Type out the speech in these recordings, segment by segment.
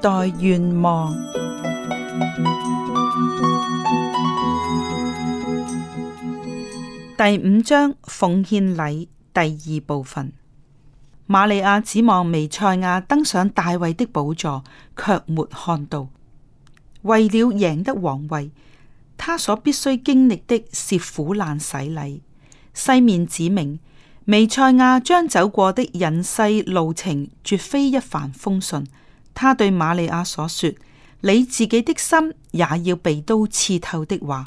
待願望第五章奉獻禮第二部分。馬利亞指望彌賽亞登上大衛的寶座，却沒看到。為了贏得皇位，他所必須經歷的是苦難洗禮。西面指明，彌賽亞將走過的隱世路程絕非一帆風順。他對瑪利亞所說：你自己的心也要被刀刺透的話，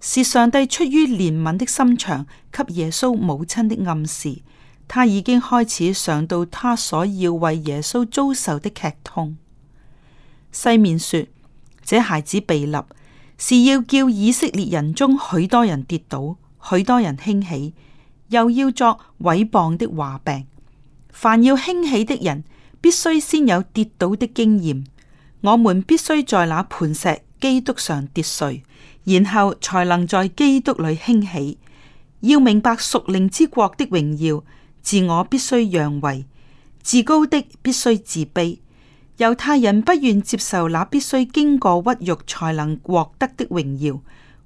是上帝出於憐憫的心腸，給耶穌母親的暗示。他已經開始想到他所要為耶穌遭受的劇痛。西面說：這孩子被立，是要叫以色列人中許多人跌倒，許多人興起，又要作毀謗的話柄。凡要興起的人，必須先有跌倒的經驗，我們必須在那磐石基督上跌碎，然後才能在基督裏興起。要明白屬靈之國的榮耀，自我必須讓位，自高的必須自卑。猶太人不願接受那必須經過屈辱才能獲得的榮耀，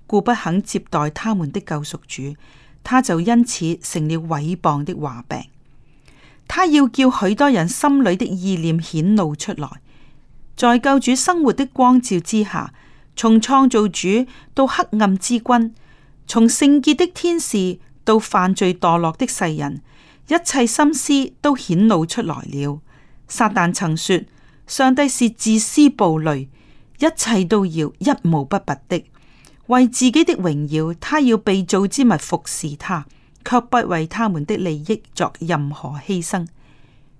故不肯接待他們的救贖主，他就因此成了毀謗的話柄。他要叫許多人心裏的意念顯露出來，在救主生活的光照之下，從創造主到黑暗之君，從聖潔的天使到犯罪墮落的世人，一切心思都顯露出來了。撒旦曾說：上帝是自私暴戾，一切都要一毛不拔的，為自己的榮耀，他要被造之物服侍他。卻不為他們的利益作任何犧牲。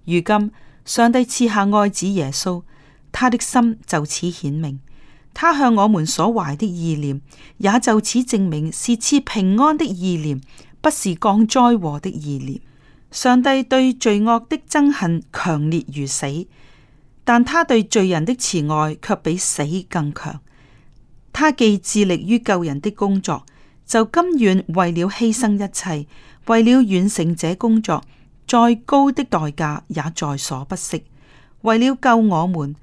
如今上帝賜下愛子耶穌，他的心就此顯明，他向我們所懷的意念也就此證明是賜平安的意念，不是降災禍的意念。上帝對罪惡的憎恨強烈如死，但他對罪人的慈愛却比死更強。他既致力於救人的工作。就甘願為了犧牲一切，為了完成這工作，再高的代價也在所不惜。為了救我們，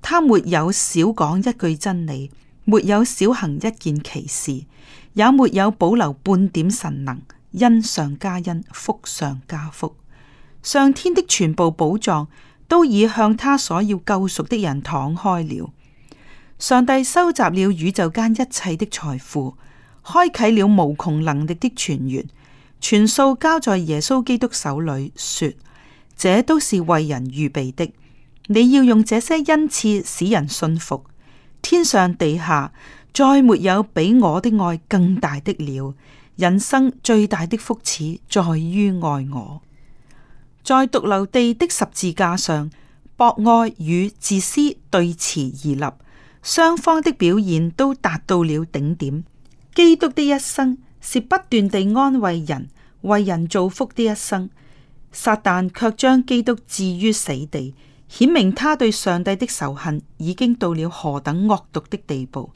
他沒有少講一句真理，沒有少行一件奇事，也沒有保留半點神能。恩上加恩，福上加福，上天的全部寶藏都已向他所要救贖的人敞開了。上帝收集了宇宙間一切的財富。開啟了無窮能力的泉源，全數交在耶穌基督手裏。說：這都是為人預備的。你要用這些恩賜使人信服。天上地下再沒有比我的愛更大的了。人生最大的福祉，在於愛我。在髑髏地的十字架上，博愛與自私對峙而立，雙方的表現都達到了頂點。基督的一生是不斷地安慰人、為人造福的一生，撒旦卻將基督置於死地，顯明他對上帝的仇恨已經到了何等惡毒的地步，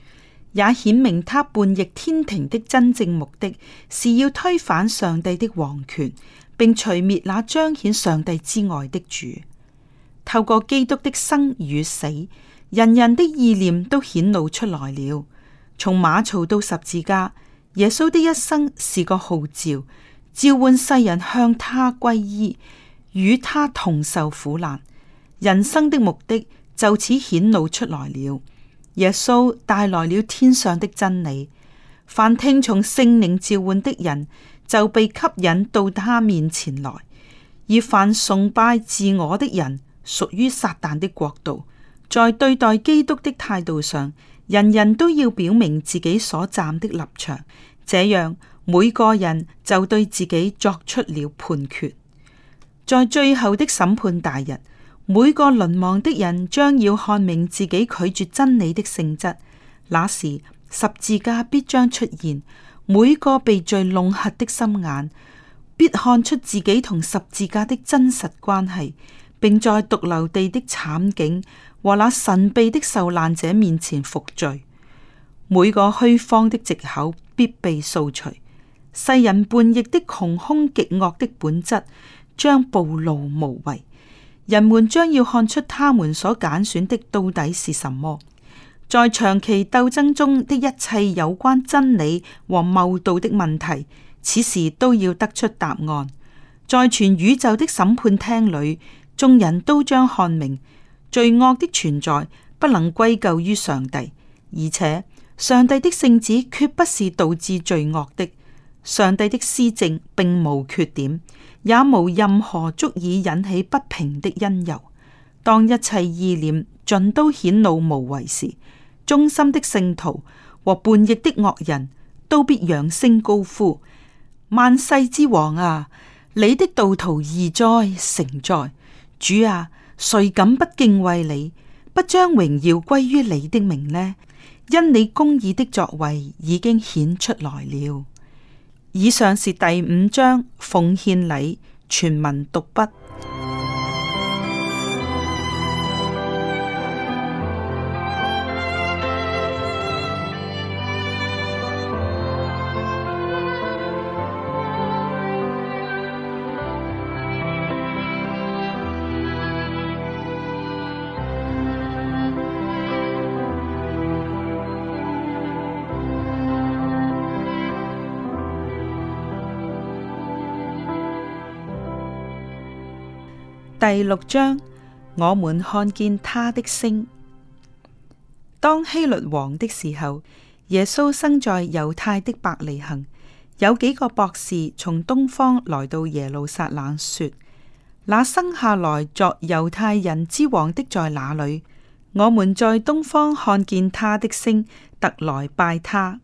也顯明他叛逆天庭的真正目的，是要推翻上帝的皇權，並除滅那彰顯上帝之外的主。透過基督的生與死，人人的意念都顯露出來了。從馬槽到十字架，耶穌的一生是個號召，召喚世人向他歸依，與他同受苦難。人生的目的就此顯露出來了。耶穌帶來了天上的真理，凡聽從聖靈召喚的人就被吸引到他面前來；而凡崇拜自我的人，屬於撒旦的國度。在對待基督的態度上，人人都要表明自己所站的立場，這樣每個人就對自己作出了判決。在最後的審判大日，每個淪亡的人將要看明自己拒絕真理的性質。那時十字架必將出現，每個被罪弄瞎的心眼必看出自己同十字架的真實關係，並在獨留地的慘景，和那神祕的受難者面前服罪，每個虛妄的借口必被掃除，世人叛逆的窮凶極惡的本質將暴露無遺，人們將要看出他們所揀選的到底是什麼。在長期鬥爭中的一切有關真理和謬道的問題，此時都要得出答案。在全宇宙的審判廳裏，眾人都將看明。罪惡的存在不能歸咎於上帝，而且上帝的聖旨決不是導致罪惡的。上帝的施政並無缺點，也無任何足以引起不平的因由。當一切意念盡都顯露無遺時，忠心的聖徒和叛逆的惡人都必揚聲高呼：萬世之王啊！你的道途義哉，誠哉！主啊！誰敢不敬畏你，不將榮耀歸於你的名呢？因你公義的作為已經顯出來了。以上是第五章奉獻禮全文讀畢。第六章，我們看見他的星。當希律王的時候，耶穌生在猶太的伯利恒。有幾個博士從東方來到耶路撒冷，說：那生下來作猶太人之王的在哪裏？我們在東方看見他的星，特來拜他。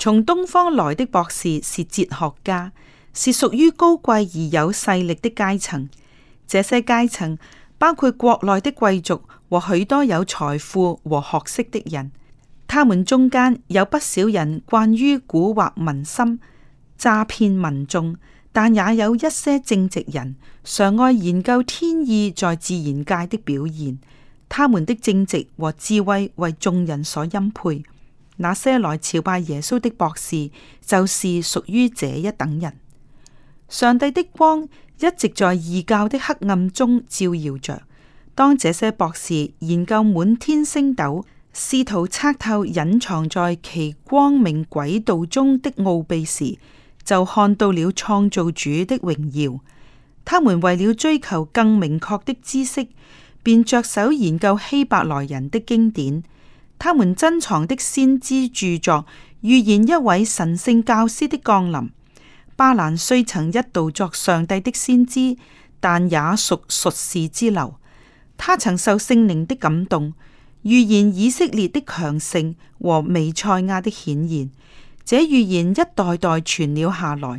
從東方來的博士是哲學家，是屬於高貴而有勢力的階層。這些階層包括國內的貴族和許多有財富和學識的人，他們中間有不少人慣於蠱惑民心、詐騙民眾，但也有一些正直人常愛研究天意在自然界的表現。他們的正直和智慧為眾人所欽佩。那些來朝拜耶穌的博士，就是屬於這一等人。上帝的光。一直在異教的黑暗中照耀着。當這些博士研究滿天星斗，試圖測透隱藏在其光明軌道中的奧秘時，就看到了創造主的榮耀。他們為了追求更明確的知識，便着手研究希伯來人的經典。他們珍藏的先知著作預言一位神聖教師的降臨。巴蘭雖曾一度作上帝的先知，但也屬術士之流。他曾受聖靈的感動，預言以色列的強盛和彌賽亞的顯現。這預言一代代傳了下來，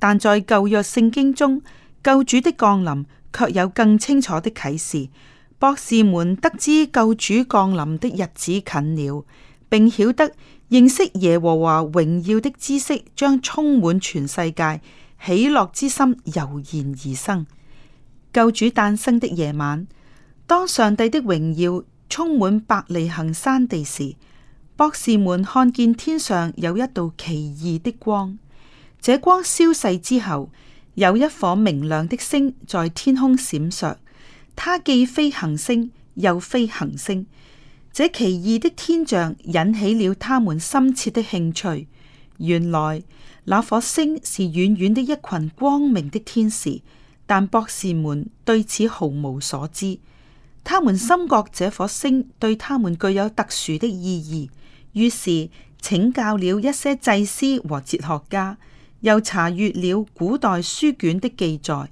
但在舊約聖經中，救主的降臨卻有更清楚的啟示。博士們得知救主降臨的日子近了，並曉得。認識耶和華榮耀的知識將充滿全世界，喜樂之心油然而生。救主誕生的夜晚，當上帝的榮耀充滿伯利恆山地時，博士們看見天上有一道奇異的光。這光消逝之後，有一顆明亮的星在天空閃爍。它既非恆星，又非行星。這奇異的天象引起了他們深切的興趣。原來那顆星是遠遠的一群光明的天使，但博士們對此毫無所知。他們深覺這顆星對他們具有特殊的意義，於是請教了一些祭司和哲學家，又查閱了古代書卷的記載。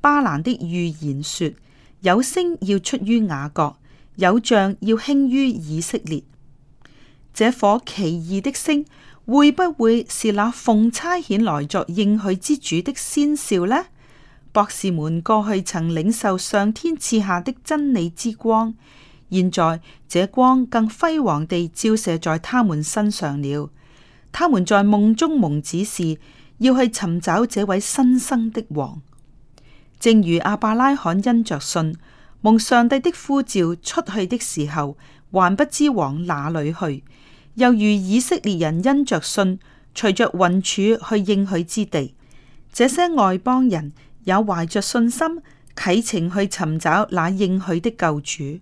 巴蘭的預言說，有星要出於雅各。有像要興於以色列，這顆奇異的星會不會是那奉差遣來作應許之主的先兆呢？博士們過去曾領受上天賜下的真理之光，現在這光更輝煌地照射在他們身上了。他們在夢中蒙指示，要去尋找這位新生的王，正如亞伯拉罕因着信。蒙上帝的呼召出去的時候，還不知往哪裏去，又如以色列人因着信，隨着雲柱去應許之地。這些外邦人也懷着信心啟程去尋找那應許的救主。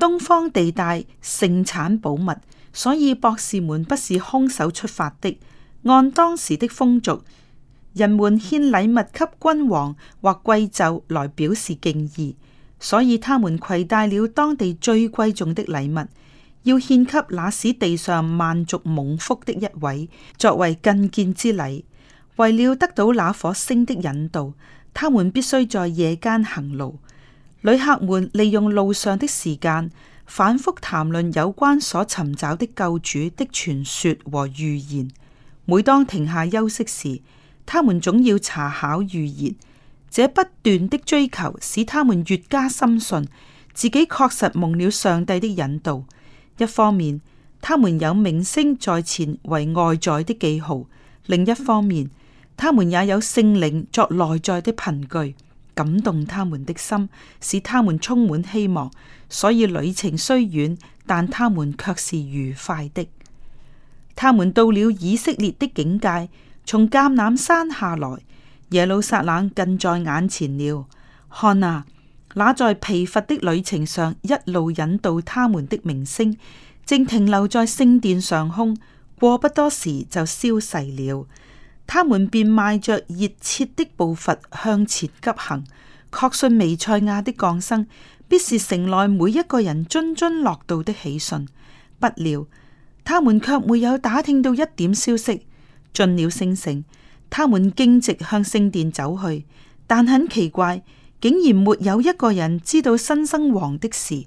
東方地帶盛產寶物，所以博士們不是空手出發的。按當時的風俗，人們獻禮物給君王或貴胄來表示敬意。所以他們攜帶了當地最貴重的禮物，要獻給那使地上萬族蒙福的一位，作為覲見之禮。為了得到那顆星的引導，他們必須在夜間行路。旅客們利用路上的時間，反覆談論有關所尋找的救主的傳說和預言。每當停下休息時，他們總要查考預言。這不斷的追求使他們越加深信自己確實蒙了上帝的引導。一方面，他們有明星在前為外在的記號；另一方面，他們也有聖靈作內在的憑據，感動他們的心，使他們充滿希望。所以旅程雖遠，但他們卻是愉快的。他們到了以色列的境界，從橄欖山下來。耶路撒冷近在眼前了，看啊，那在疲乏的旅程上一路引導他們的明星，正停留在聖殿上空。過不多時就消逝了，他們便邁着熱切的步伐向前急行，確信彌賽亞的降生必是城內每一個人津津樂道的喜訊。不料他們卻沒有打聽到一點消息，進了聖城。他們徑直向聖殿走去，但很奇怪，竟然沒有一個人知道新生王的事。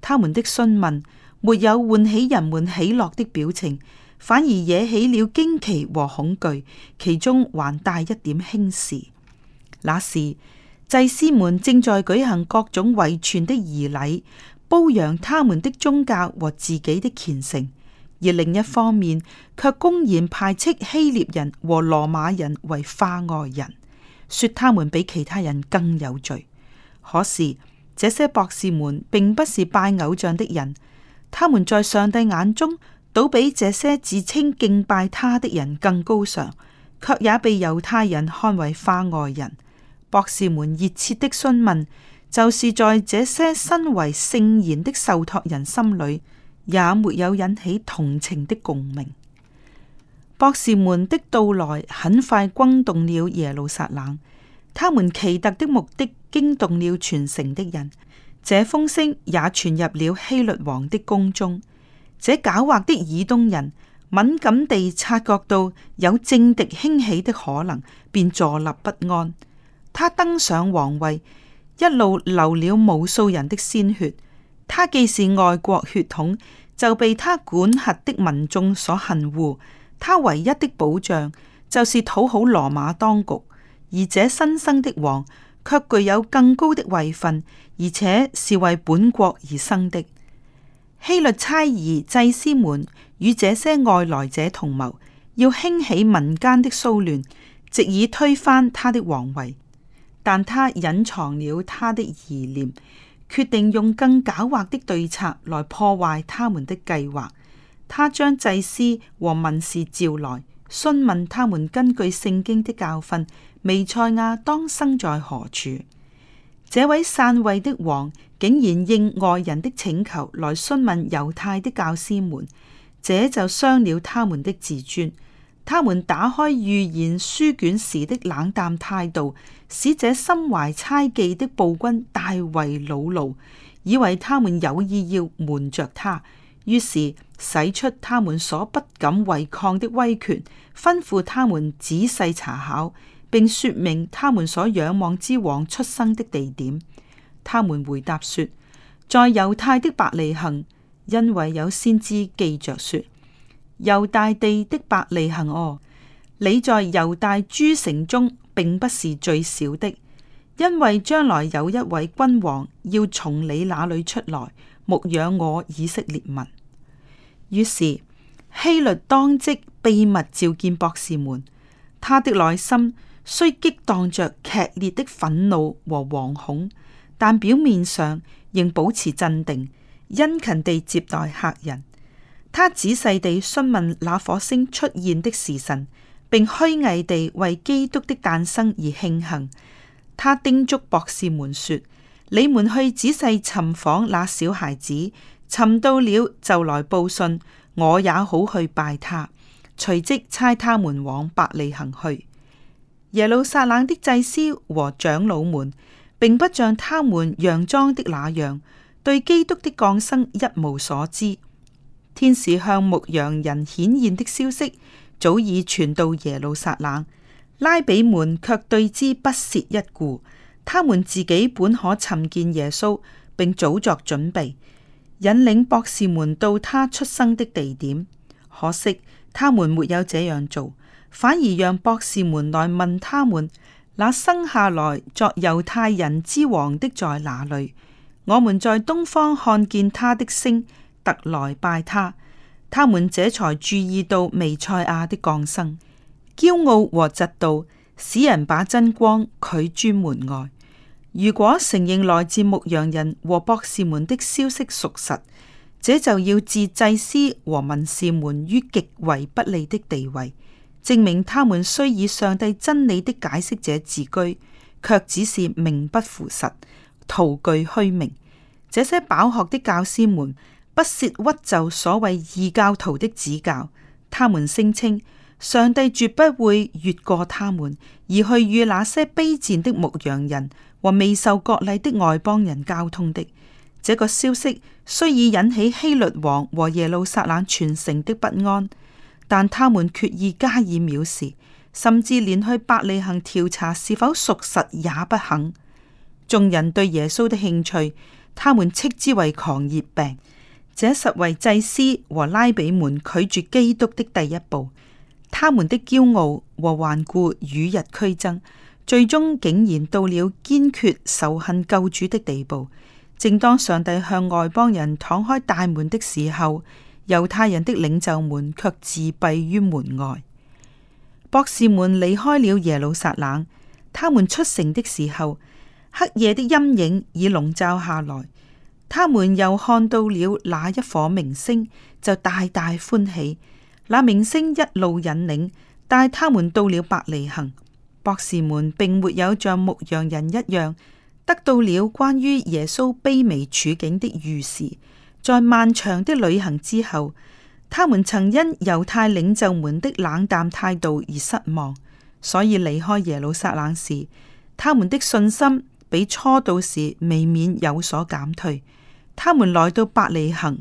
他們的詢問沒有喚起人們喜樂的表情，反而惹起了驚奇和恐懼，其中還帶一點輕視。那時，祭司們正在舉行各種遺傳的儀禮，褒揚他們的宗教和自己的虔誠。而另一方面，卻公然排斥希臘人和羅馬人為化外人，說他們比其他人更有罪。可是這些博士們並不是拜偶像的人，他們在上帝眼中，倒比這些自稱敬拜他的人更高尚，卻也被猶太人看為化外人。博士們熱切的詢問，就是在這些身為聖賢的受託人心裏。也沒有引起同情的共鳴。博士們的到來很快轟動了耶路撒冷，他們奇特的目的驚動了全城的人，這風聲也傳入了希律王的宮中。這狡猾的以東人敏感地察覺到有政敵興起的可能，便坐立不安。他登上皇位，一路流了無數人的鮮血。他既是外國血統，就被他管轄的民眾所恨惡。他唯一的保障就是討好羅馬當局，而這新生的王卻具有更高的位分，而且是為本國而生的。希律猜疑祭司們與這些外來者同謀，要興起民間的騷亂，藉以推翻他的王位。但他隱藏了他的疑念。決定用更狡猾的對策來破壞他們的計劃。他將祭司和文士召來，詢問他們根據聖經的教訓，彌賽亞當生在何處。這位篡位的王竟然應外人的請求來詢問猶太的教師們，這就傷了他們的自尊。他們打開預言書卷時的冷淡態度，使這心懷猜忌的暴君大為惱怒，以為他們有意要瞞着他，於是使出他們所不敢違抗的威權，吩咐他們仔細查考，並說明他們所仰望之王出生的地點。他們回答說，在猶太的伯利恆，因為有先知記着說。猶大地的伯利恆啊，你在猶大諸城中並不是最小的，因為將來有一位君王要從你那裏出來牧養我以色列民。於是希律當即秘密召見博士們，他的內心雖激盪着劇烈的憤怒和惶恐，但表面上仍保持鎮定，殷勤地接待客人。他仔細地詢問那顆星出現的時辰，並虛偽地為基督的誕生而慶幸。他叮囑博士們說：你們去仔細尋訪那小孩子，尋到了就來報信，我也好去拜他。隨即差他們往伯利恒去。耶路撒冷的祭司和長老們並不像他們佯裝的那樣，對基督的降生一無所知。天使向牧羊人顯現的消息早已傳到耶路撒冷，拉比們卻對之不屑一顧。他們自己本可尋見耶穌，並早作準備，引領博士們到他出生的地點。可惜他們沒有這樣做，反而讓博士們來問他們：那生下來作猶太人之王的在哪裡？我們在東方看見他的星。特來拜他，他們這才注意到彌賽亞的降生。驕傲和嫉妒使人把真光拒諸門外。如果承認來自牧羊人和博士們的消息屬實，這就要置祭司和文士們於極為不利的地位，證明他們雖以上帝真理的解釋者自居，却只是名不符實，徒具虛名。這些飽學的教師們。不屑屈就所謂異教徒的指教，他們聲稱上帝絕不會越過他們而去與那些卑賤的牧羊人和未受割禮的外邦人交通的。這個消息雖已引起希律王和耶路撒冷全城的不安，但他們決意加以藐視，甚至連去伯利恆調查是否屬實也不肯。眾人對耶穌的興趣，他們斥之為狂熱病。這實為祭司和拉比們拒絕基督的第一步，他們的驕傲和頑固與日俱增，最終竟然到了堅決仇恨救主的地步。正當上帝向外邦人敞開大門的時候，猶太人的領袖們卻自閉於門外。博士們離開了耶路撒冷，他們出城的時候，黑夜的陰影已籠罩下來。他們又看到了那一顆明星，就大大歡喜。那明星一路引領帶他們到了伯利恆。博士們並沒有像牧羊人一樣得到了關於耶穌卑微處境的預示。在漫長的旅行之後，他們曾因猶太領袖們的冷淡態度而失望，所以離開耶路撒冷時，他們的信心比初到時未免有所減退。他們來到伯利恒，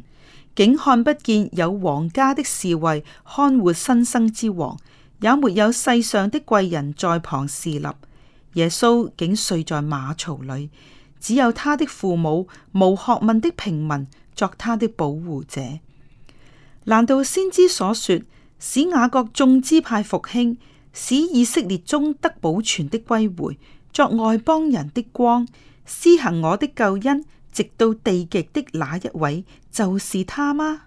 竟看不見有皇家的侍衛看護新生之王，也沒有世上的貴人在旁侍立。耶穌竟睡在馬槽裏，只有他的父母無學問的平民作他的保護者。難道先知所說使雅各眾支派復興，使以色列中得保存的歸回，作外邦人的光，施行我的救恩？直到地極的那一位就是他嗎？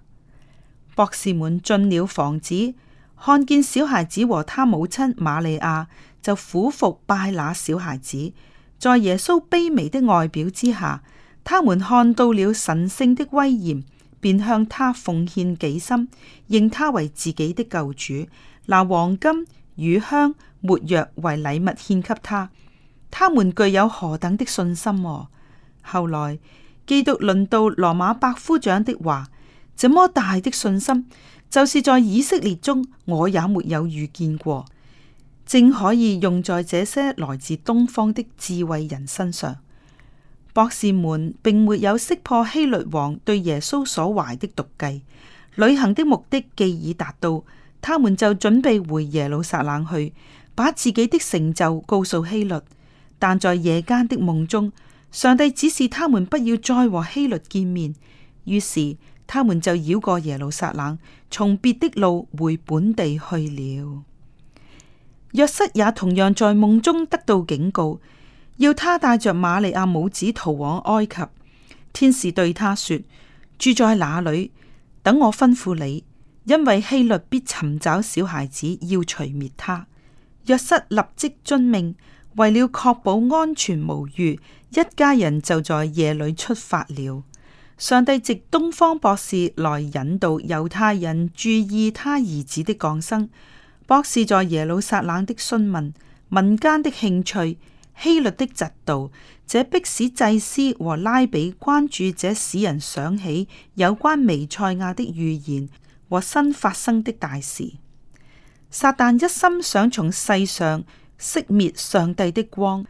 博士們進了房子，看見小孩子和他母親瑪利亞，就俯伏拜那小孩子。在耶穌卑微的外表之下，他們看到了神聖的威嚴，便向他奉獻己心，認他為自己的救主，拿黃金、乳香、沒藥為禮物獻給他。他們具有何等的信心哦！後來基督論到羅馬百夫長的話，這麼大的信心，就是在以色列中我也沒有遇見過，正可以用在這些來自東方的智慧人身上。博士們並沒有識破希律王對耶穌所懷的毒計，旅行的目的既已達到，他們就準備回耶路撒冷去，把自己的成就告訴希律。但在夜間的夢中。上帝指示他們不要再和希律見面，於是他們就繞過耶路撒冷，從別的路回本地去了。約瑟也同樣在夢中得到警告，要他帶着瑪利亞母子逃往埃及。天使對他說：住在那裏，等我吩咐你，因為希律必尋找小孩子要除滅他。約瑟立即遵命。為了確保安全無虞，一家人就在夜裏出發了。上帝藉東方博士來引導猶太人注意他兒子的降生。博士在耶路撒冷的詢問、民間的興趣、希律的嫉妒，這迫使祭司和拉比關注這使人想起有關彌賽亞的預言和新發生的大事。撒旦一心想從世上，熄滅上帝的光，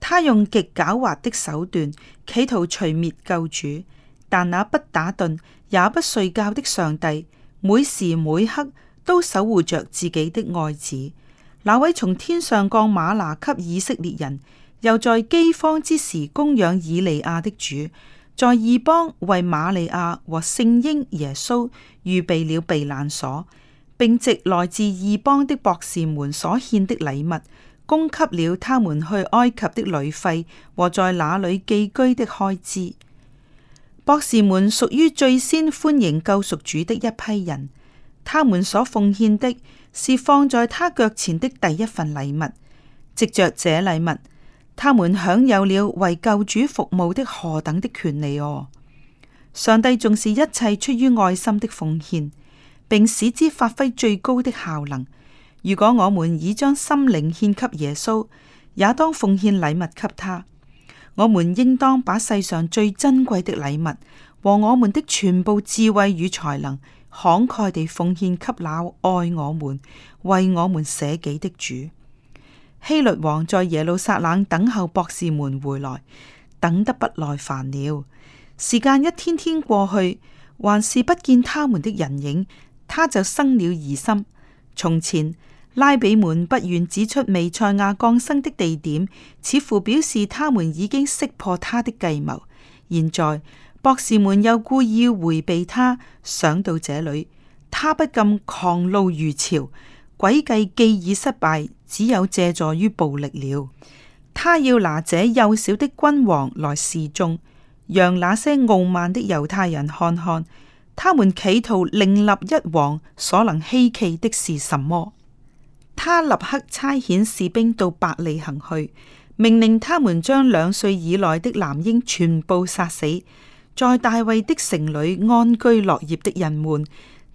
他用極狡猾的手段企圖除滅救主，但那不打盹也不睡覺的上帝，每時每刻都守護着自己的愛子。那位從天上降馬拿給以色列人，又在飢荒之時供養以利亞的主，在異邦為瑪利亞和聖嬰耶穌預備了避難所，並藉來自異邦的博士們所獻的禮物。供給了他們去埃及的旅費和在那裏寄居的開支。博士們屬於最先歡迎救贖主的一批人，他們所奉獻的是放在他腳前的第一份禮物。藉着這禮物，他們享有了為救主服務的何等的權利哦、啊！上帝重視一切出於愛心的奉獻，並使之發揮最高的效能。如果我們已將心靈獻給耶穌，也當奉獻禮物給他。我們應當把世上最珍貴的禮物和我們的全部智慧與才能慷慨地奉獻給那愛我們、為我們捨己的主。希律王在耶路撒冷等候博士們回來，等得不耐煩了。時間一天天過去，還是不見他們的人影，他就生了疑心。從前。拉比們不願指出彌賽亞降生的地點，似乎表示他們已經識破他的計謀。現在博士們又故意回避他。想到這裡，他不禁狂怒如潮。詭計既已失敗，只有借助於暴力了。他要拿這幼小的君王來示眾，讓那些傲慢的猶太人看看，他們企圖另立一王所能希冀的是什麼。他立刻差遣士兵到伯利恆去，命令他們將兩歲以內的男嬰全部殺死。在大衛的城裏安居樂業的人們，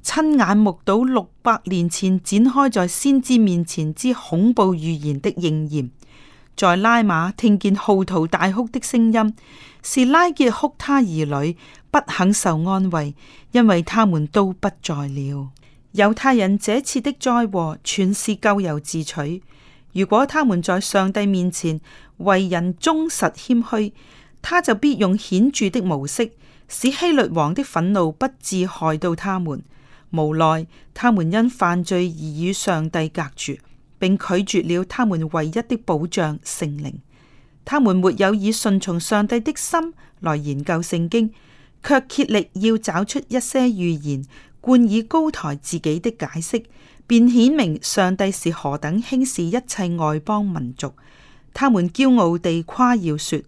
親眼目睹六百年前展開在先知面前之恐怖預言的應驗。在拉瑪聽見號啕大哭的聲音，是拉結哭他兒女，不肯受安慰，因為他們都不在了。猶太人這次的災禍全是咎由自取。如果他們在上帝面前為人忠實謙虛，他就必用顯著的模式使希律王的憤怒不致害到他們。無奈他們因犯罪而與上帝隔絕，並拒絕了他們唯一的保障——聖靈。他們沒有以順從上帝的心來研究聖經，却竭力要找出一些預言。冠以高抬自己的解釋，便顯明上帝是何等輕視一切外邦民族。他們驕傲地誇耀說，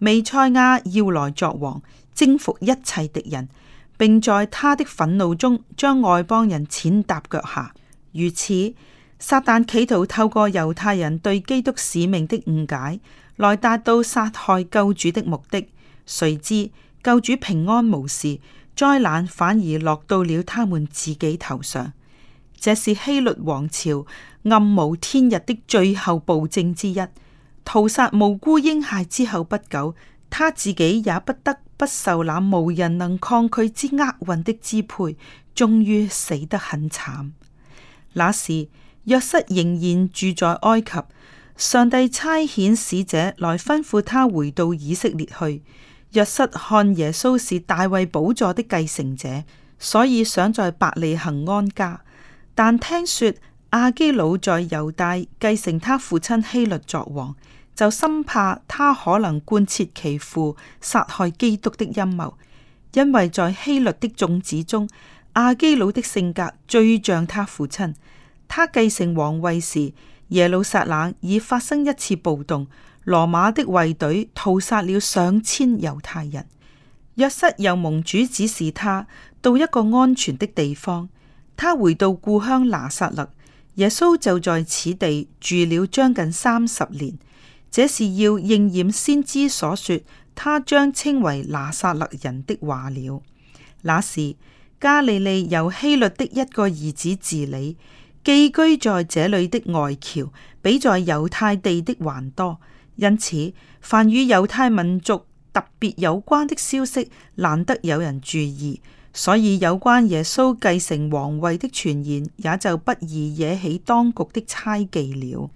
彌賽亞要來作王，征服一切敵人，並在他的憤怒中將外邦人踐踏腳下。如此，撒旦企圖透過猶太人對基督使命的誤解，來達到殺害救主的目的。誰知救主平安無事。災難反而落到了他們自己頭上，這是希律王朝暗無天日的最後暴政之一。屠殺無辜嬰孩之後不久，他自己也不得不受那無人能抗拒之厄運的支配，終於死得很慘。那時，若瑟仍然住在埃及，上帝差遣使者來吩咐他回到以色列去。約瑟看耶穌是大衛寶座的繼承者，所以想在伯利恒安家。但聽說亞基老在猶大繼承他父親希律作王，就深怕他可能貫徹其父殺害基督的陰謀，因為在希律的眾子中，亞基老的性格最像他父親。他繼承王位時，耶路撒冷已發生一次暴動。羅馬的衛隊屠殺了上千猶太人。約瑟又蒙主指示他到一個安全的地方。他回到故鄉拿撒勒，耶穌就在此地住了將近三十年。這是要應驗先知所說他將稱為拿撒勒人的話了。那時，加利利由希律的一個兒子治理，寄居在這裏的外僑比在猶太地的還多。因此，凡與猶太民族特別有關的消息，難得有人注意，所以有關耶穌繼承皇位的傳言，也就不易惹起當局的猜忌了。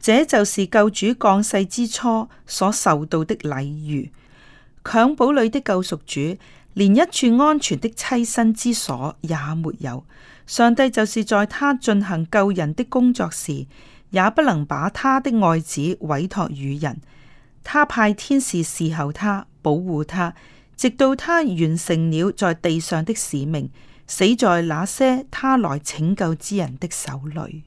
這就是救主降世之初所受到的禮遇。襁褓裏的救贖主，連一處安全的棲身之所也沒有。上帝就是在他進行救人的工作時，也不能把他的愛子委託予人，他派天使侍候他，保護他，直到他完成了在地上的使命，死在那些他來拯救之人的手裏。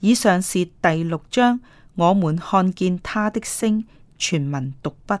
以上是第六章，我們看見他的星，全文讀畢。